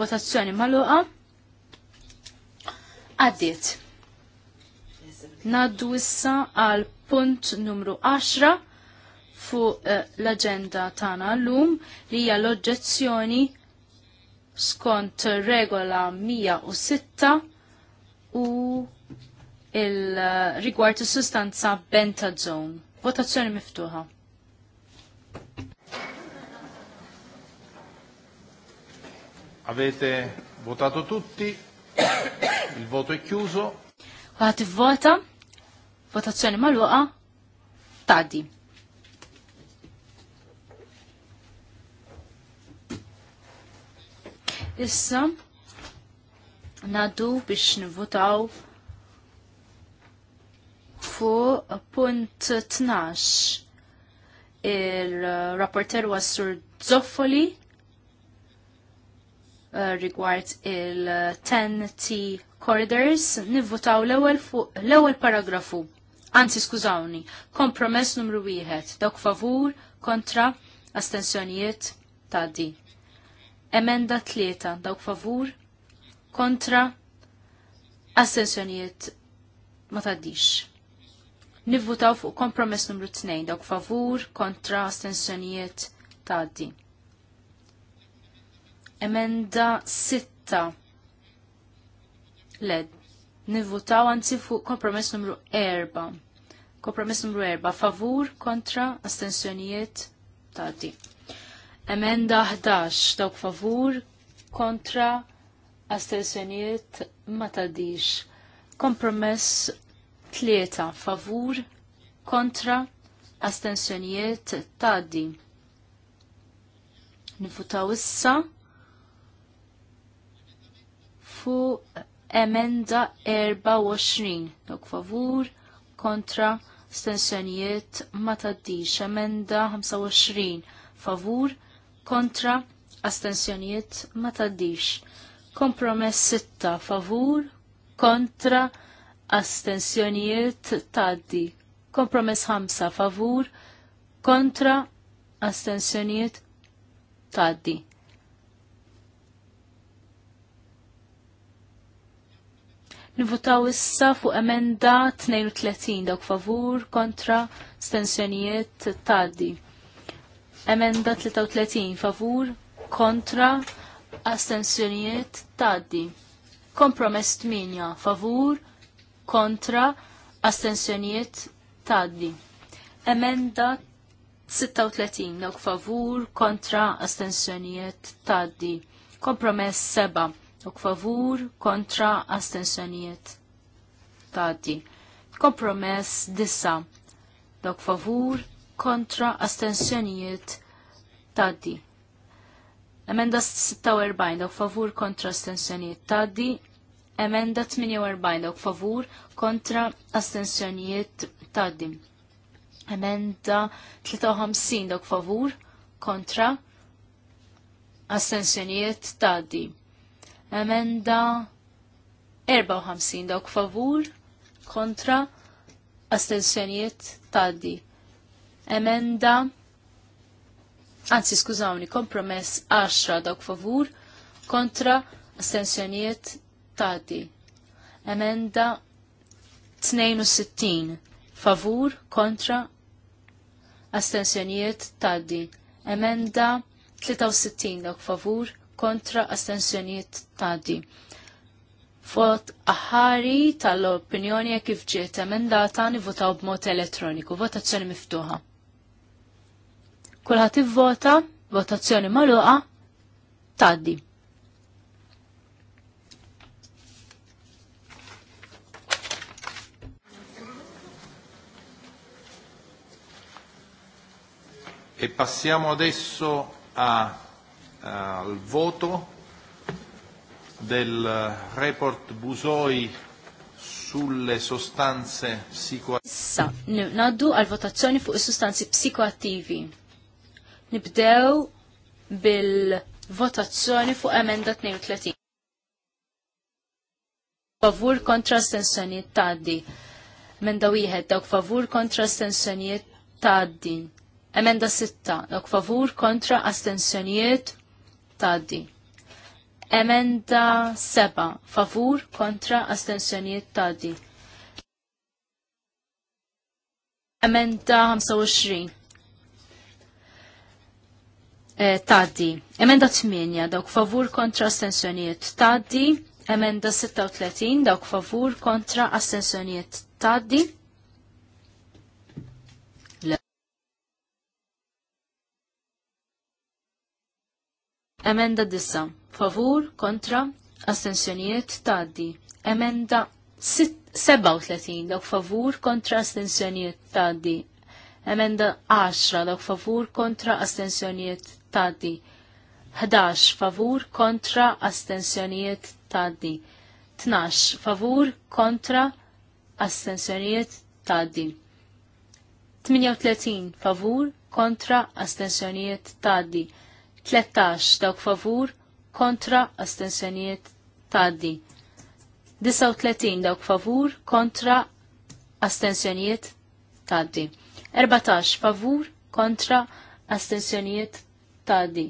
Votazzjoni maluqa. Għaddiet. Naddu issa għal punt numru 10 fuq eh, l-agenda tagħna llum li hija l-oġġezzjoni skont regola 106 u il-rigward is-sustanza bentazone. Votazzjoni miftuħa. Avete votato tutti? Il voto è chiuso. Għat vota, votazzjoni maluqa, tadi. Issa, nadu biex nivvotaw fu punt 12. Il-rapporter wasur Zoffoli Eh, rigward il-10T corridors, nivvotaw l-ewwel paragrafu. Anzi, skużawni, kompromess numru wieħed, dawk favur, kontra, astensjonijiet, di. Emenda tlieta, dawk favur, kontra, astensjonijiet, ma tgħaddix. Nivvutaw fuq kompromess numru 2, dawk favur, kontra, astensjonijiet, di. Emenda sitta. Led. Nivvutaw anzi fuq kompromess numru erba. Kompromess numru 4. Favur kontra astensjonijiet tati. Emenda 11. Dawk favur kontra astensjonijiet ma tadix. Kompromess 3. Favur kontra astensjonijiet tadi. Nifutaw issa Fu emenda 24. Dok favur kontra stensjonijiet ma taddix. Emenda 25. Favur kontra astensjonijiet ma taddix. Kompromess 6. Favur kontra astensjonijiet taddi. Kompromess 5. Favur kontra astensjonijiet taddi. Nivutaw issa fuq emenda 32 dawk favur kontra stensjonijiet taddi. Emenda 33 favur kontra astensjonijiet taddi. Kompromess 8 favur kontra astensjonijiet taddi. Emenda 36 dawk favur kontra astensjonijiet taddi. Kompromess 7 u favur kontra astensjonijiet tati. Kompromess disa. Dok favur kontra astensjonijiet tati. Emenda 46 dok favur kontra astensjonijiet tati. Emenda 48 dok favur kontra astensjonijiet tati. Emenda 53 dok favur kontra astensjonijiet tati Emenda 54 dawk favur kontra astensjonijiet taddi. Emenda Anzi, skużawni, kompromess 10 dawk favur kontra astensjonijiet taddi. Emenda 62 favur kontra astensjonijiet taddi. Emenda 63 dawk favur kontra astensjonijiet tadi. Vot aħari tal-opinjoni kif ġiet emendata nivvotaw b'mod elettroniku, votazzjoni miftuħa. Kulħadd ivvota, votazzjoni magħluqa, tgħaddi. E passiamo adesso a Eh, al voto del eh, report Busoi sulle sostanze psicoattive. Issa, naddu għal votazzjoni fuq is-sustanzi psikoattivi. Nibdew bil-votazzjoni fuq emenda 32. Favur kontra stensjoniet taddi. Emenda wieħed dawk favur kontra stensjoniet taddi. Emenda sitta, dawk favur kontra astensjoniet Tgħaddi. Emenda 7. Favur kontra astensjonijiet tgħaddi. Emenda 25. taddi. Emenda 8. Eh, Dawk favur kontra astensjonijiet taddi. Emenda 36. Dawk favur kontra astensjonijiet taddi. Emenda dissa. Favur, kontra, astensjonijiet taddi. Emenda 37 dawk favur kontra astensjonijiet taddi. Emenda 10 dawk favur kontra astensjonijiet taddi. 11 favur kontra astensjonijiet taddi. 12 favur kontra astensjonijiet taddi. 38 favur kontra astensjonijiet taddi. 13 dawk favur kontra astensjonijiet taddi. 39 dawk favur kontra astensjonijiet taddi. 14 favur kontra astensjonijiet taddi.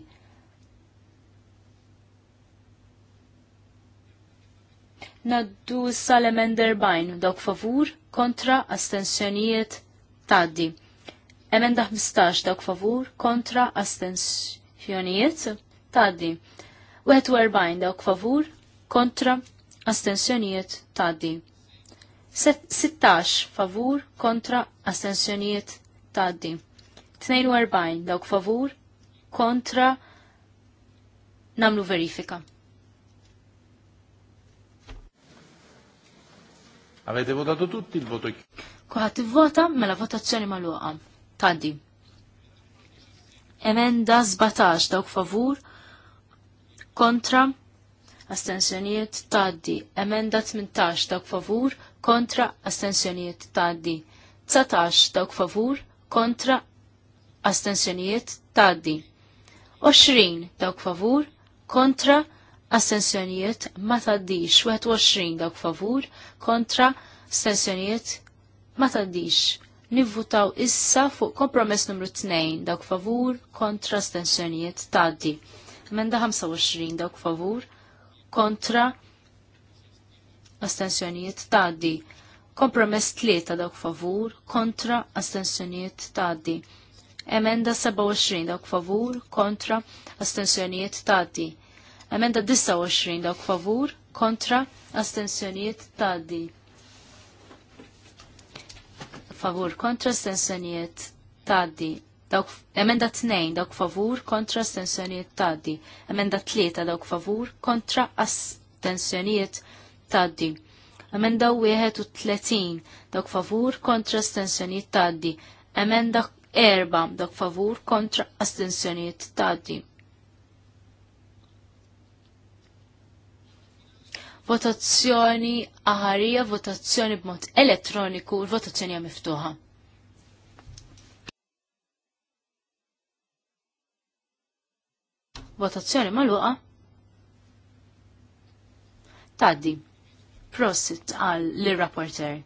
Naddu sal-emender bajn dawk favur kontra astensjonijiet taddi. Emenda 15 dawk favur kontra astensjonijiet Fjonijiet? Taddi. 41 dawk favur, kontra, astensjonijiet, taddi. 16 favur, kontra, astensjonijiet, taddi. 42 dawk favur, kontra, namlu verifika. Avete votato tutti il voto? Kuħat vota mela votazzjoni mal-luqa. Taddi. Emenda zbataċ dawk favur kontra astensjonijiet taddi. Emenda 18 dawk favur kontra astensjonijiet taddi. 19 dawk favur kontra astensjoniet taddi. 20 dawk favur kontra astensjoniet ma taddix. 21 dawk favur kontra astensjonijiet ma taddix nivvutaw issa fuq kompromess numru 2 dawk favur kontra stensjonijiet taddi. Emenda 25 dawk favur kontra astensjonijiet taddi. Kompromess 3 dawk favur kontra astensjonijiet taddi. Emenda 27 dawk favur kontra astensjonijiet taddi. Emenda 29 dawk favur kontra astensjonijiet taddi favur kontra stensjonijiet taddi. Dawk, emenda tnejn, dawk favur kontra stensjonijiet taddi. Emenda tlieta dawk favur kontra astensjonijiet taddi. Emenda wieħed u tletin. dawk favur kontra stensjonijiet taddi. Emenda erba' dawk favur kontra astensjonijiet taddi. votazzjoni aħarija, votazzjoni b'mod elettroniku, votazzjoni miftuħa. Votazzjoni maluqa. Taddi. Prosit għal l-rapporter.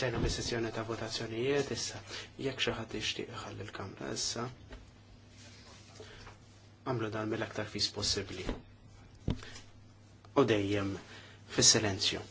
ċajna mis-sessjoni ta' votazzjonijiet issa. Jekk xi ħadd jixtieq ħalli l-kamra issa. Għamlu dan mill-aktar fis possibbli. U dejjem fis-silenzju.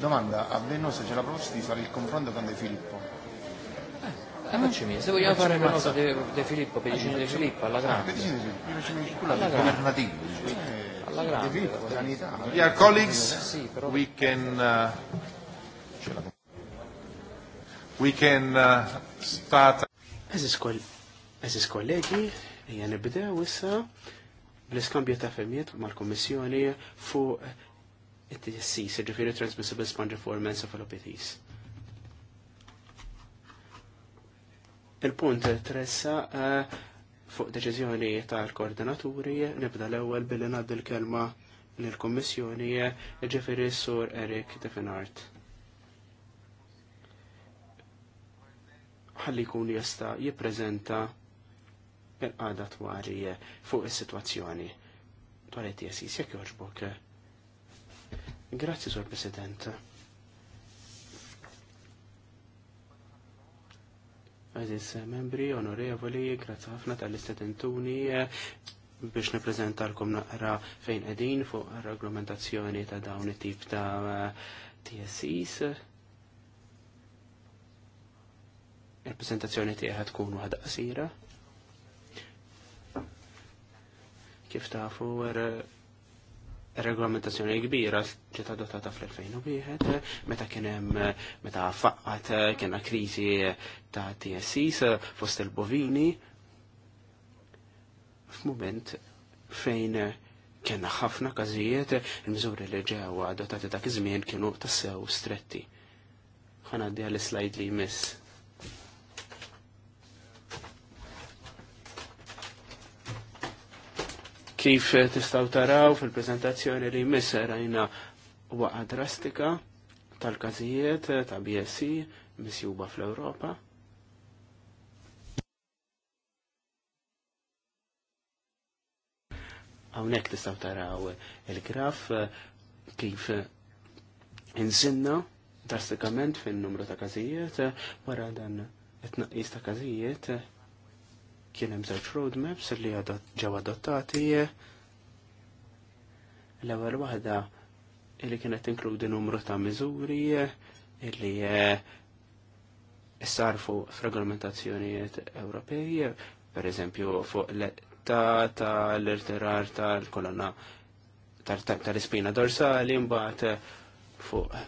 Domanda, a se c'è la proposta di fare il confronto con De Filippo. Eh, facciamo, se vogliamo eh, fare il confronto De Filippo, Pedicino De Filippo, alla ah, grande. Pedicino eh, De Filippo, Pedicino De Filippo, alla grande. Alla grande. Dear colleagues, we can... Uh, we can uh, start... Eżis kollegi, jgħan nibdew issa bl iskambju ta' femijiet mal komissjoni fuq it-TSC, ġifiri Transmissible Spongiform Encephalopathies. Il-punt tressa eh, fuq deċiżjoni tal-koordinaturi nibda l-ewwel billi ngħaddi l-kelma lill-Kummissjoni eh, ġifieri sur Erik Defenart. Ħalli jkun jista' jippreżenta il-qada twali eh, fuq is-sitwazzjoni dwar it-tiesis jekk joġbok Grazzi, Sur President. Aziz membri, onorevoli, grazzi ħafna tal-istedentuni eh, biex neprezentalkom naqra fejn qegħdin fuq reglamentazzjoni ta' dawn it-tip ta' eh, TSIs. Il-prezentazzjoni tiegħi tkun waħda qasira. Kif tafu er, regolamentazzjoni kbira ġiet adottata fl-2001 meta kien hemm meta faqqat kienna kriżi ta' TSCs fost il-bovini f'mument fejn kienna ħafna każijiet il-miżuri li ġew adottati dak iż-żmien kienu tassew stretti. għaddi għall-slide li jmiss. Kif tistaw taraw fil-prezentazzjoni li jmissa rajna waqa drastika tal-kazijiet ta' BSI misjuba fl-Europa. Hawnhekk tistgħu taraw il-graf kif inżinna drastikament fin-numru ta' każijiet wara dan it-tnaqqis ta' każijiet Kien hemm żewġ roadmaps li ġew adottati. L-ewwel waħda li kienet tinkludi numru ta' miżuri illi eh, sarfu f'regolamentazzjonijiet Ewropej, per eżempju fuq l-etta tal-irtirar tal-kolonna tal-ispina dorsali, mbagħad eh, fuq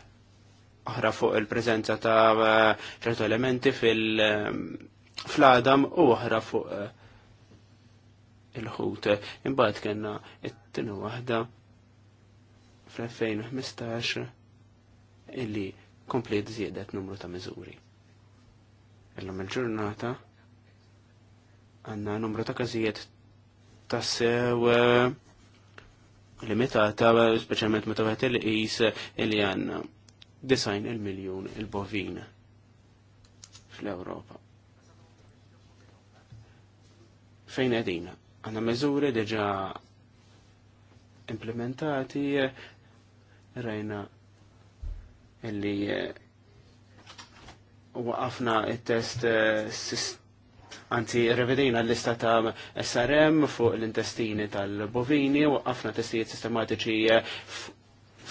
oħra fuq il-preżenza ta' ċertu elementi fil- fl adam u oħra fuq eh, il-ħut. Imbagħad kellna t tieni waħda fl-2015 illi komplet żiedet numru ta' miżuri. Illum il-ġurnata għandna numru ta' każijiet ta' sew eh, limitata, speċjalment meta wieħed il-qis illi għandna design il-miljun il-bovin fl-Ewropa fejn qegħdin. Għandna mezzuri diġà implementati rajna illi eh, waqafna il-test eh, anzi rivedina l-lista ta' SRM fuq l-intestini tal-bovini, waqafna testijiet sistematiċi eh,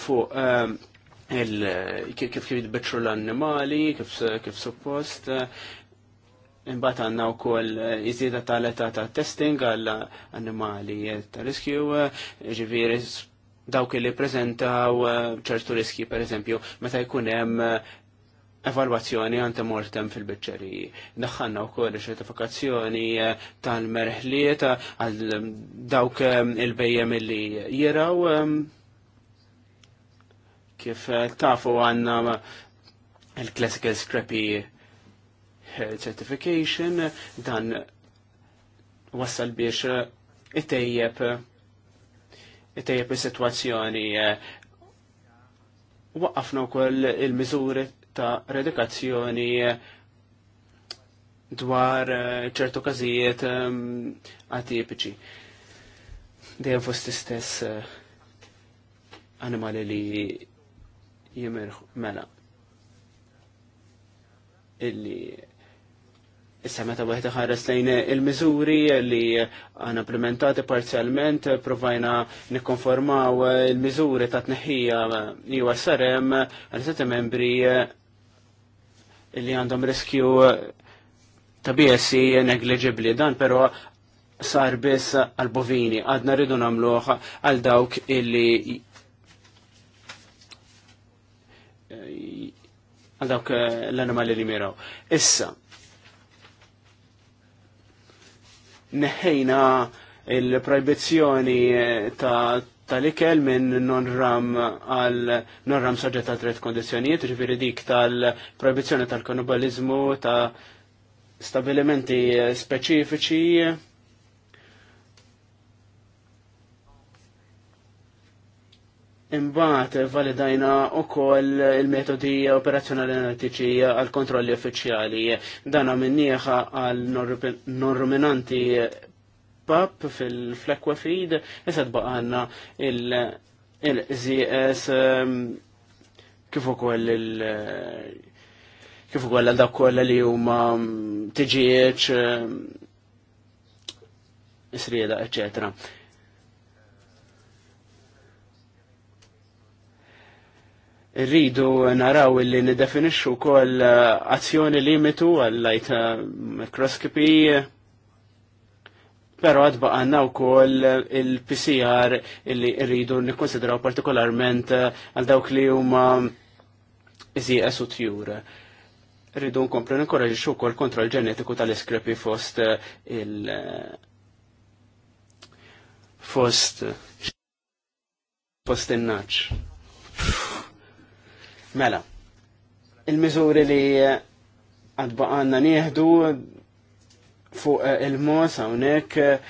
fuq kif kif jitbitru l-annimali, kif suppost, Imbagħad għandna wkoll eh, iżieda tal-età ta' testing għall annimali ta' riskju, eh, ġifieri dawk li preżentaw eh, ċertu riski pereżempju meta jkun hemm evalwazzjoni għante mortem fil biċċeriji Naħħanna u koll ċertifikazzjoni tal-merħliet għal dawk il-bejjem li jiraw kif tafu għanna il-classical scrappy certification dan wassal biex it-tejjeb is-sitwazzjoni waqqafna wkoll il-miżuri ta' redikazzjoni dwar ċertu każijiet um, atipiċi. Dejjem fost istess uh, animali li jimirħu mela illi Issa meta wieħed ħares lejn il-miżuri li għan implementati parzjalment provajna nikkonformaw il-miżuri ta' tneħħija jew sarem għal seta' membri li għandhom riskju ta' BSI negligibli dan però sar biss għal bovini għadna rridu namluħ għal dawk illi għal dawk l-animali li miraw. Issa, neħejna il-proibizjoni eh, ta' tal-ikel minn non-ram għal non-ram soġġet ta' tret kondizjonijiet, ġifiri dik tal-proibizjoni tal-kanibalizmu, ta' stabilimenti eh, speċifiċi Imbagħad validajna wkoll il-metodi operazzjonali analitiċi għal kontrolli uffiċjali. Dana minnieħa għal norruminanti PAP fil-Flekwa Feed, issa tbaqanna il-ZS um, kif ukoll il- kifu ukoll għal dak kollha li huma um, tiġieċ um, isrieda, eccetera. rridu naraw li nidefinixxu wkoll eh, azzjoni limitu għall light eh, mikroskopi Pero għadba għanna u koll il-PCR illi rridu nikkonsidraw partikolarment eh, għal dawk li huma iżieqes u tjur. Rridu nkomplu nkorreġi xu kol kontrol ġenetiku tal-iskrepi fost il- fost fost in-naċ. Mela, il-miżuri li eh, għadbaqanna nieħdu fuq eh, il-mos hawnhekk eh,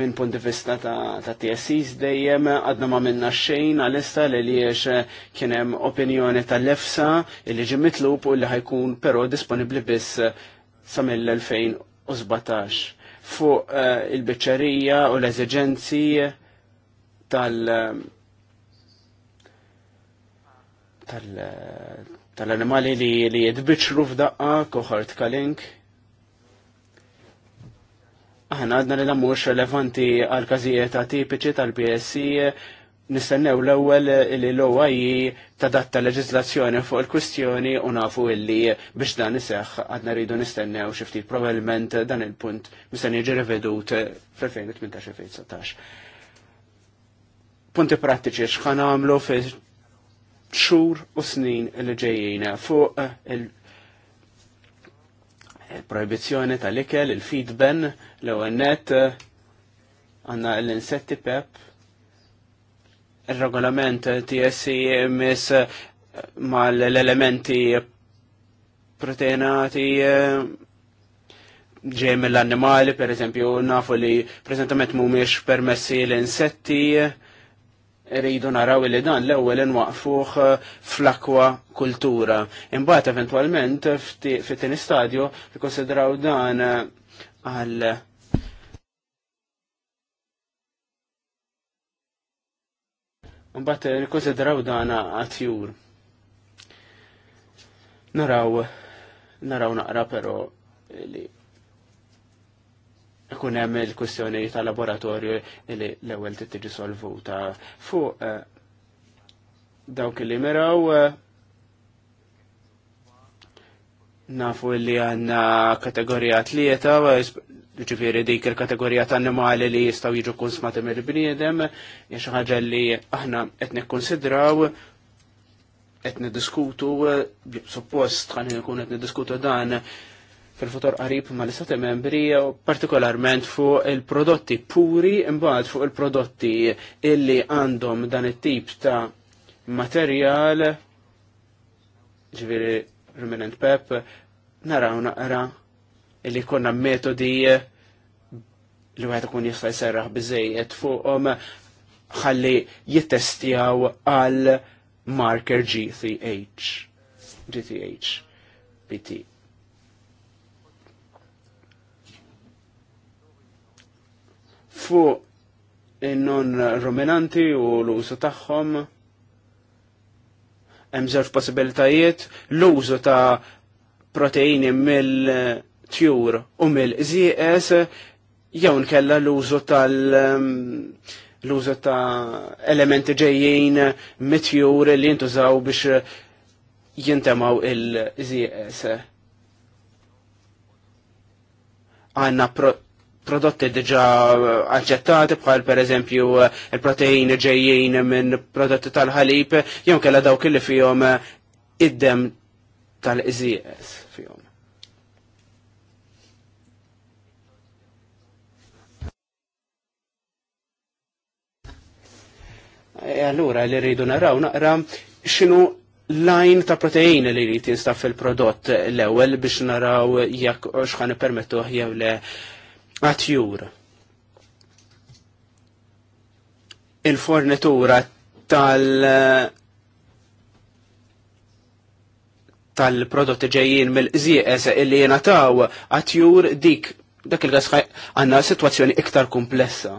minn punti vista ta', ta TSCs dejjem għadna ma minna xejn għal ista li e li kienem opinjoni tal-lefsa li ġi mitlub u li ħajkun pero disponibli biss sa mill-2017 fuq uh, il-bicċerija u l-eżigenzi tal- tal-animali li li jidbiċru f'daqqa koħart kalink. Aħna għadna li namux relevanti għal każijiet tipiċi tal-PSC nistennew l-ewwel li l-OAI e tadatta leġiżlazzjoni fuq il-kwistjoni u nafu illi biex dan iseħħ għadna rridu nistennew xi ftit probabbilment dan il-punt mistenni jiġi rivedut fl-2018-2019. Punti prattiċi x'ħan għamlu xhur u snin li ġejjin fuq eh, il-proibizjoni eh, tal-ikel, il-feedben, l-għennet, eh, għanna l-insetti pep, il-regolament TSC mis ma l-elementi proteinati ġej l annimali per eżempju, nafu li prezentament mumiex permessi l-insetti, rridu naraw li dan l-ewwel inwaqfuh eh, fl-akwa kultura. Imbagħad eventwalment fit-tieni stadju ikkonsidraw dan eh, għal Mbagħad ikkonsidraw dan għatjur. tjur Naraw naraw naqra però li ikun hemm il-kwistjoni tal laboratorju li l-ewwel trid tiġi solvuta fuq eh, dawk li miraw eh, nafu li għanna kategorija tlieta, ġifiri dik il-kategorija ta' annimali li jistaw jiġu kunsmati mill-bniedem, jiex ħaġa li aħna qed nikkonsidraw qed niddiskutu, eh, suppost ħan ikun qed niddiskutu dan fil-futur qarib ma l-istati membri, partikolarment fuq il-prodotti puri, imbagħad fuq il-prodotti illi għandhom dan it-tip ta' materjal, ġviri ruminant pep, naraw naqra illi konna metodi li għed ikun jista' jserraħ biżejjed fuqhom ħalli jittestjaw għal marker GTH, GTH. PT. fuq non ruminanti u l-użu tagħhom. Hemm żewġ possibilitajiet l-użu ta' proteini mill-tjur u mill-ZS jew nkella l-użu tal- mm, l-użu ta' elementi ġejjin mitjur li jintużaw biex jintemaw il-ZS. Għanna prodotti diġa aċċettati bħal per eżempju il-protein ġejjin minn prodotti tal-ħalib jew kella dawk li fihom id-dem tal-iżieqes fihom. E allura li rridu naraw naqra x'inhu lajn ta' protein li jrid jinstaf fil-prodott l-ewwel biex naraw jekk x'ħan permettuh jew le għatjur. Il-fornitura tal- tal-prodotti ġejjin mill zs illi taw għatjur dik dak il-gas għanna situazzjoni iktar komplessa.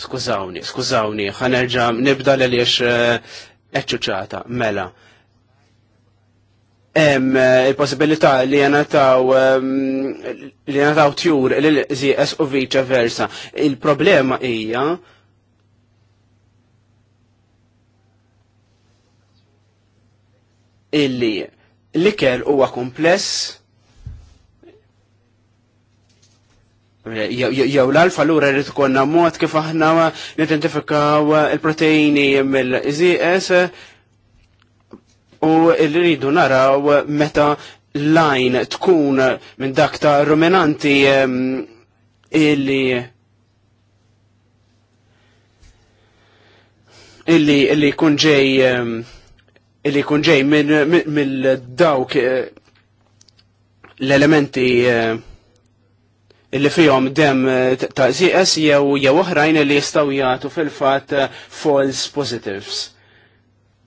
Skużawni, skużawni, ħanerġa nibda li liex eh, eċċuċata, mela. Hemm eh, il-possibilità li jenataw li jenataw tjur l-ZS u viċa versa. Il-problema hija illi l-ikel huwa kompless jew l-alfa l-ura rrit konna mod kif aħna nidentifikaw il-proteini mill-ZS u l-ridu naraw meta lajn tkun minn dak ta' ruminanti illi illi illi kun ġej illi kun ġej minn dawk eh, l-elementi eh, illi fihom dem eh, ta' ZS jew jew oħrajn li jistgħu jagħtu fil-fatt eh, false positives.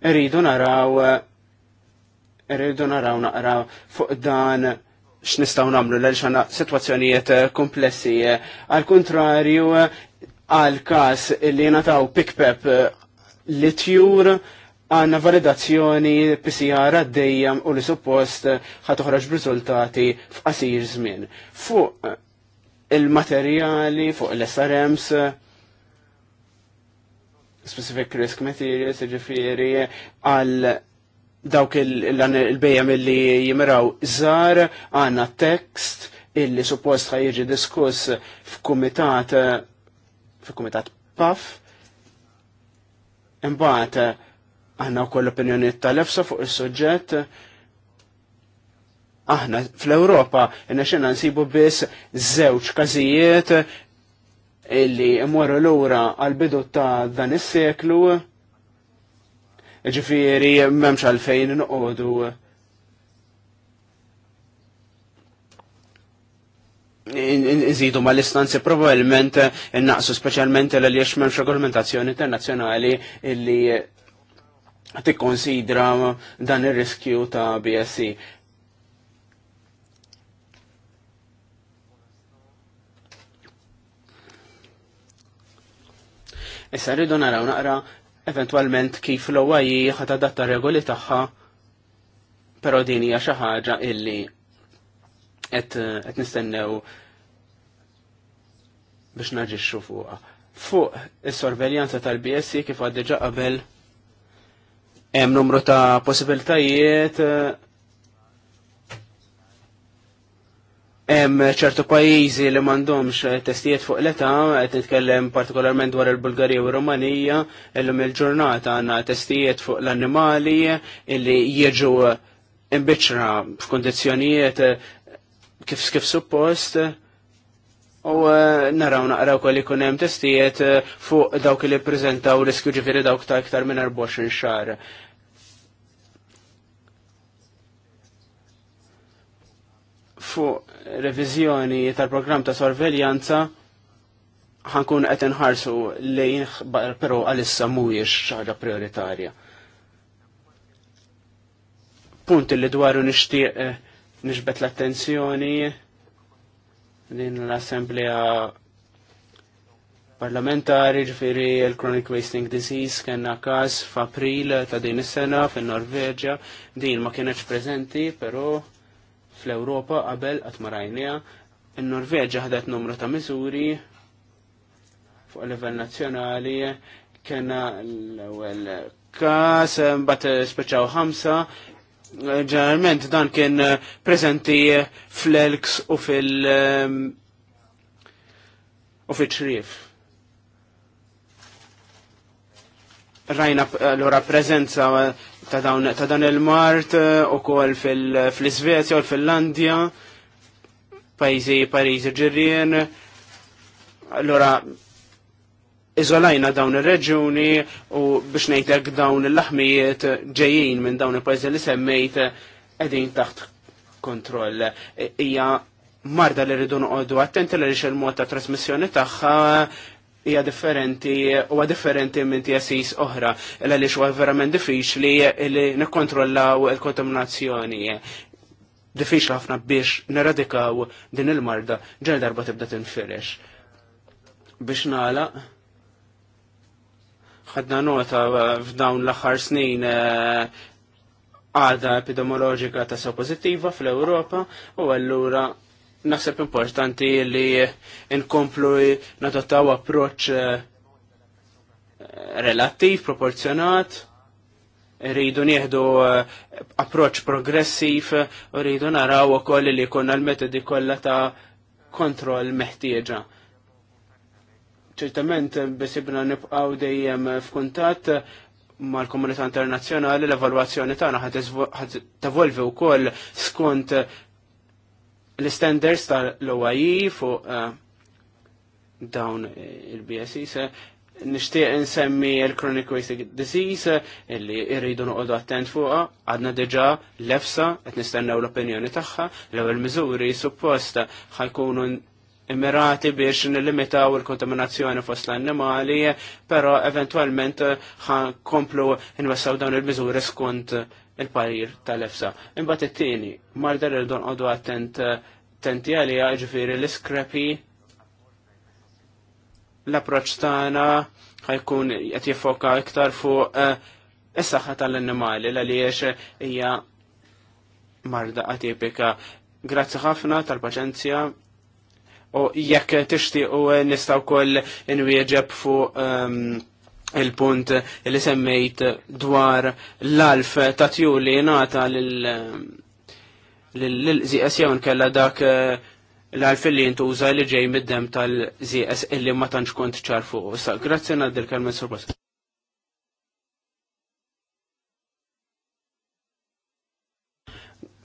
Irridu naraw eh, irridu naraw naqraw fuq dan x'nistgħu nagħmlu l xana sitwazzjonijiet komplessi. Al kontrarju għal każ li nataw pikpep li tjur għanna validazzjoni PCR għaddejjem u li suppost ħat b'riżultati f'qasir żmien. Fuq il-materjali fuq l-SRMs, specific risk materials, ġifiri, għal dawk il il li jimraw zar għanna tekst illi suppost ħaj jiġi diskuss f'kumitat f'kumitat PAF imbagħad għandna wkoll opinjonijiet tal-efsa fuq is-suġġett aħna fl-Europa naxena nsibu biss żewġ każijiet illi l lura għal-bidu ta' dan is-seklu ġifiri memx għalfejn nqodu nżidu ma l-istanzi probabilment naqsu specialment l għaliex memx regolamentazzjoni internazzjonali illi tikkonsidra dan ir-riskju ta' BSC Issa rridu naraw naqra eventualment kif l-OAI ħat adatta regoli tagħha però din hija xi ħaġa illi qed nistennew biex naġixxu fuqha. Fuq is-sorveljanza tal-BSC kif għaddiġa qabel hemm numru ta' possibiltajiet Hemm ċertu pajjiżi li m'għandhomx testijiet fuq l-età, qed nitkellem partikolarment dwar il-Bulgarija u Rumanija, illum il-ġurnata għandna testijiet fuq l-annimali illi jiġu imbiċra f'kundizzjonijiet eh, kif kif suppost. U eh, naraw naqraw kolli kun hemm testijiet eh, fuq dawk li ppreżentaw riskju ġifieri dawk ta' iktar minn 24 xahar. fuq reviżjoni tal-programm ta' sorveljanza ħankun qed inħarsu lejn però għalissa mhuwiex xi ħaġa prioritarja. Punt li dwaru nixtieq eh, nixbet l-attenzjoni din l-Assemblea parlamentari ġifiri l-Chronic Wasting Disease kena kas f'April ta' din is-sena fin-Norveġja din ma kienx preżenti, però fl-Ewropa qabel qatt ma rajniha. in norveġġa ħadet numru ta' miżuri fuq livell nazzjonali kena l-ewwel każ mbagħad speċaw ħamsa, ġeneralment dan kien preżenti fl-elks u fil- u fil-ċrif. rajna eh, l-ora prezenza eh, ta' dan il-Mart eh, u kol fil-Svezja u l landja pajzi parizi ġirrien, l-ora izolajna dawn il-reġuni u biex nejtek dawn il-laħmijiet ġejjin minn dawn il-pajzi li semmejt edin taħt kontroll. Ija marda li rridu noqogħdu attenti li il-mod ta' trasmissjoni tagħha hija differenti u differenti minn TSIs oħra, illa li xwa verament diffiċli li nikkontrollaw il-kontaminazzjoni. Diffiċli ħafna biex neradikaw din il-marda ġel darba tibda tinfirex. Biex nagħlaq ħadna nota f'dawn l-aħħar snin eh, għada epidemiologika ta' pozittiva fl-Europa u allura naħseb importanti li nkomplu nadottaw approċ eh, relattiv, proporzjonat, rridu nieħdu eh, approċ progressiv, u rridu naraw ukoll li konna l-metodi kollha ta' kontroll meħtieġa. Ċertament besibna nibqgħu dejjem f'kuntatt mal-komunità internazzjonali l-evalwazzjoni tagħna ħad tevolvi wkoll skont l-standards tal-OAI e fuq eh, dawn il-BSI se nishtiq nsemmi il-chronic wasting disease illi eh, irridu noqogħdu attent fuqa għadna diġà l-efsa qed nistennew l-opinjoni tagħha l-ewwel miżuri suppost ħajkunu immirati biex nilimitaw il-kontaminazzjoni fost l-annimali, però eventwalment komplu nwessaw dawn il-miżuri skont il-parir tal-efsa. Imbagħad it-tieni, mardar irdu nqogħdu attent eh, tenti għali ġifieri l-iskrapi l-approċċ tagħna ħajkun qed jiffoka iktar fuq eh, is-saħħa tal-annimali għaliex hija marda atipika. Grazzi ħafna tal-paċenzja u jekk tixtiequ eh, nistgħu wkoll inwieġeb fuq ehm, il-punt li semmejt dwar l-alf ta' tjuli li nata l-ZSJ kella dak eh, l-alf li jintuża li ġej mid-dem tal-ZS illi ma tantx kont ċar fuq. grazzi naddil Carmen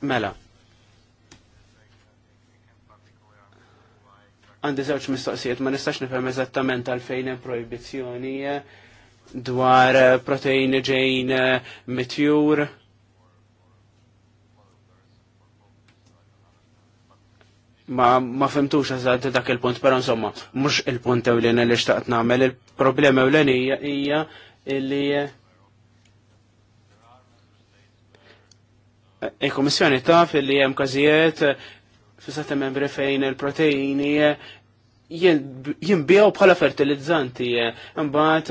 Mela. Għandi zewċ mistoqsijiet, ma nistax nifhem eżattament għalfejn hemm proibizzjoni eh, dwar eh, protein ġejn eh, mitjur. ma, ma femtux għazad dak il-punt, pero insomma, mux il-punt ewlina li xtaqt namel, il-problema ewlenija hija illi eh, il-Komissjoni taf illi hemm każijiet fissat membri fejn il-proteini jimbijaw bħala fertilizzanti, mbagħad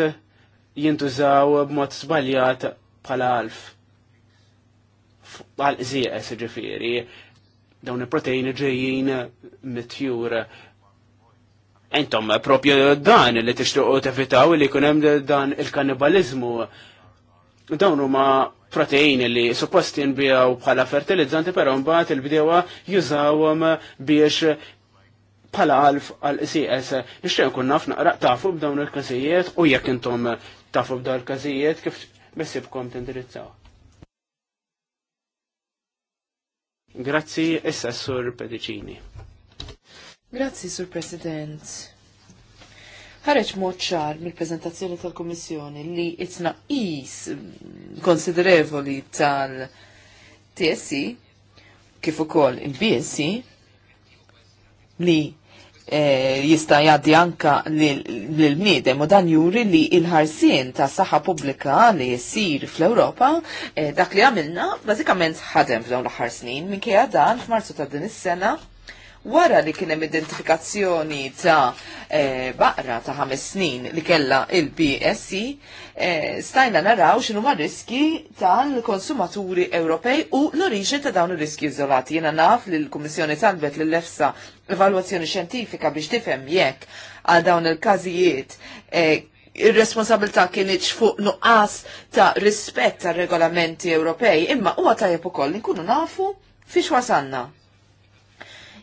jintużaw b'mod sbaljat bħala alf. Għal zieqes ġifiri, dawn il-proteini ġejjin mitjur. Entom, propju dan li tixtuqu tevitaw li kunem dan il-kannibalizmu. Dawn huma protein li supposti nbijaw bħala fertilizzanti, pero mbagħad il-bdewa jużawhom biex bħala alf għal CS. Nixtieq nkun naf naqraq tafu b'dawn il-każijiet u jekk intom tafu b'dar każijiet kif messibkom tindirizzaw. Grazzi, issa Sur Pedicini. Grazzi, Sur President. Ħareġ mod ċar mill-prezentazzjoni tal-Kummissjoni li itna tnaqqis konsiderevoli tal tsc kif ukoll il bsc li E, jista' jgħaddi anka lill-bniedem u dan juri li il-ħarsien ta' saħħa pubblika li jsir fl-Ewropa e, dak li għamilna bażikament ħadem f'dawn l-aħħar snin minkejja dan f'Marzu ta' din is-sena wara li kienem identifikazzjoni ta' eh, baqra ta' ħames snin li kella il-BSC, eh, stajna naraw xinu ma' riski tal-konsumaturi Ewropej u l-oriġin ta' dawn ir-riski izolati. Jena naf li l-Kummissjoni talbet l lefsa evalwazzjoni xjentifika biex tifhem jekk għal dawn il-każijiet e, ir-responsabilità kienieċ fuq nuqqas ta' rispett tar regolamenti Ewropej, imma huwa tajjeb ukoll nkunu nafu fiex wasanna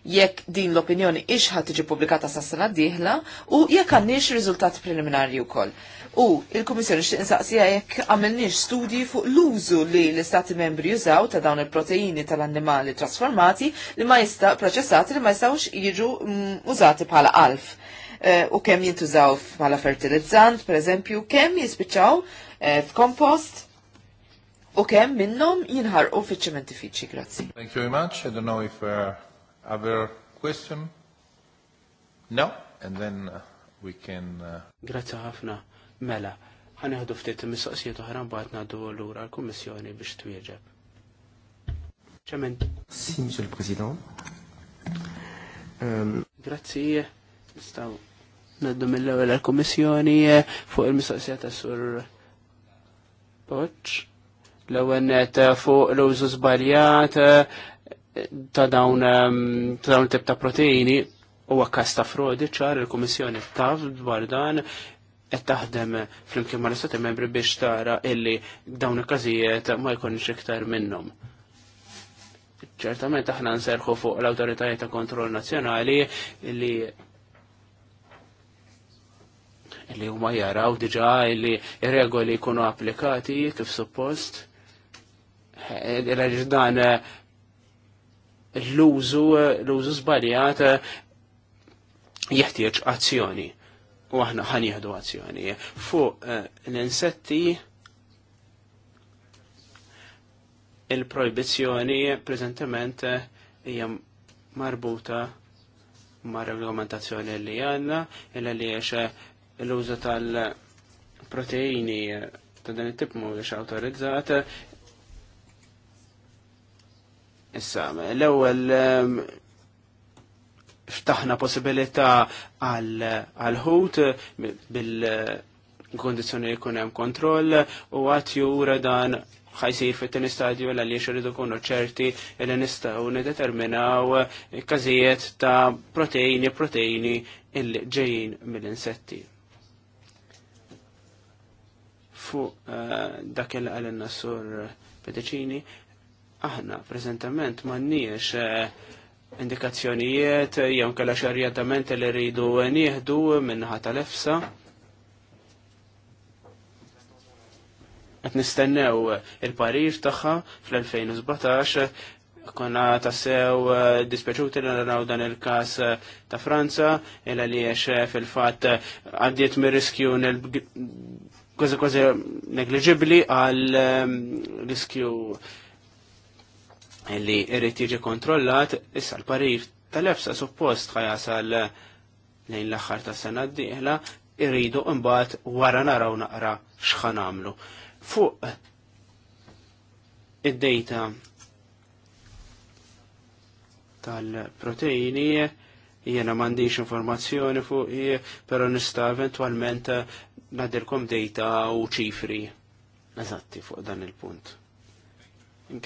jekk din l-opinjoni ixħa tiġi publikata sa' sena diħla u jekk għandniex rizultat preliminari wkoll. U il-Kummissjoni xtieq insaqsija jekk għamilniex studji fuq l-użu li l-Istati membri jużaw ta' dawn il-proteini tal-annimali trasformati li ma jista' proċessati li ma jistgħux jiġu mm, użati bħala alf. Eh, u kemm jintużaw bħala fertilizzant, per eżempju, kemm jispiċċaw e, f'kompost u kemm minnhom jinħarqu fiċ-ċementifiċi. Grazzi. Thank you very much. I don't know if we're... Uh, Other question? No? And then uh, we can... Uh, Grazie ħafna. Mela, ħaneħdu ftit mistoqsijiet oħra mbagħad ngħaddu lura l-Kummissjoni biex twieġeb. Ċemen. Si, Monsieur le Président. Um... Ehm, Grazie. Nistaw naddu mill-ewwel għall-Kummissjoni eh, fuq il-mistoqsija ta' Sur Poċ. L-ewwel eh, fuq l-użu zbaljat, eh, ta' dawn ehm, ta' dawn tip ta' proteini u għakkas ta' frodi ċar il-Komissjoni taf dwar dan qed taħdem flimkien ma' l-Istati membri biex tara illi dawn il-każijiet ma jkunx iktar minnhom. Ċertament aħna nserħu fuq l-awtoritajiet ta' kontroll nazzjonali illi illi huma jaraw diġà illi regoli jkunu applikati kif suppost. Eh, dan l-użu l-użu żbaljat eh, jeħtieġ azzjoni u aħna ħan jieħdu azzjoni fuq eh, l-insetti il-proibizjoni preżentament eh, hija marbuta ma' regolamentazzjoni li għanna, illa li għax l-użu tal-proteini ta' dan it-tip mhuwiex awtorizzat, Issa, l-ewwel ehm, ftaħna possibilità għal ħut bil-kondizjoni li jkun hemm kontroll u għat jura dan ħajsir fit-tieni stadju l għaliex irridu kunu ċerti li nistgħu nideterminaw każijiet ta' proteini proteini il ġejjin mill-insetti. Fuq eh, dak il għal sur Pedicini, aħna prezentament m'għandniex eh, indikazzjonijiet eh, jew kellha xi orjentament li rridu nieħdu minnaħa tal-efsa. Qed nistennew il-parir tagħha fl-2017 konna tassew eh, dispeċuti li naraw dan il-kas ta' Franza, illa li fil-fat għaddiet mir riskju nel kważi kważi negliġibli għal riskju li irrit jiġi kontrollat issa l-parir tal-efsa suppost ħajasal lejn l-aħħar ta' sena d-dieħla irridu imbagħad wara naraw naqra x'ħan nagħmlu. Fuq id-dejta tal-proteini jena mandiċ informazzjoni fuq pero nista eventualment nadirkom dejta u ċifri eżatti fuq dan il-punt.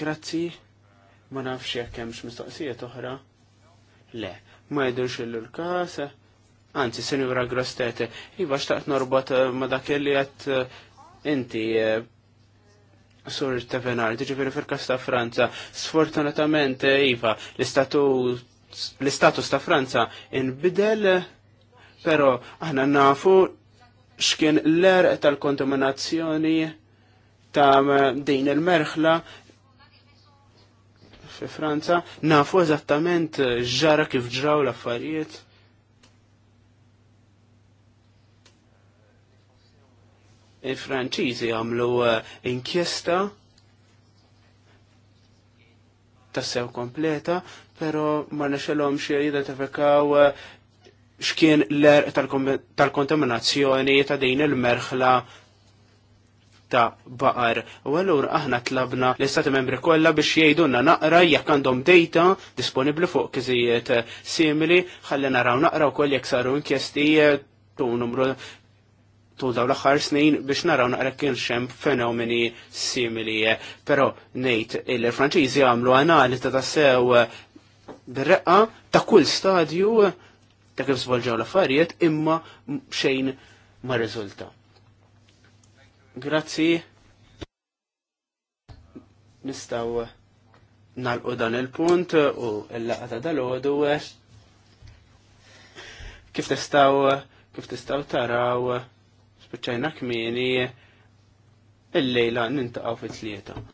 Grazzi ma nafx jekk hemmx mistoqsijiet oħra. Le, ma jidhirx illu l-każ. Anzi, Sinjura Grostete, iva xtaqt norbot eh, ma dak li qed eh, inti eh, sur Tevenar, tiġifieri fil-każ ta' Franza. Sfortunatament, iva, l-istatus ta' Franza inbidel, però aħna nafu xkien l-erq tal-kontaminazzjoni ta' din il-merħla fi Franza, nafu eżattament eh, ġara kif ġraw l-affarijiet. Il-Franċiżi għamlu eh, inkjesta tassew kompleta, pero ma nexelhom xi jidentifikaw eh, xkien l-er tal-kontaminazzjoni ta' din il-merħla ta' baqar. U għallur aħna tlabna l-istati membri kollha biex jgħidulna naqra jekk għandhom data disponibbli fuq kiżijiet simili, ħalli naraw naqra wkoll jekk saru inkjesti eh, tu numru tul daw l-axar snin biex naraw naqra kien xem fenomeni simili. Pero nejt il-Franċiżi għamlu analiza ta' sew bir-reqqa ta' kull stadju ta' kif svolġaw l-affarijiet imma xejn ma' riżulta. Grazzi. Nistaw nalqu dan il-punt u l laqata ta' dal-ħodu kif tistaw kif tistaw taraw spiċċajna kmieni il-lejla nintaqaw fit-tlieta.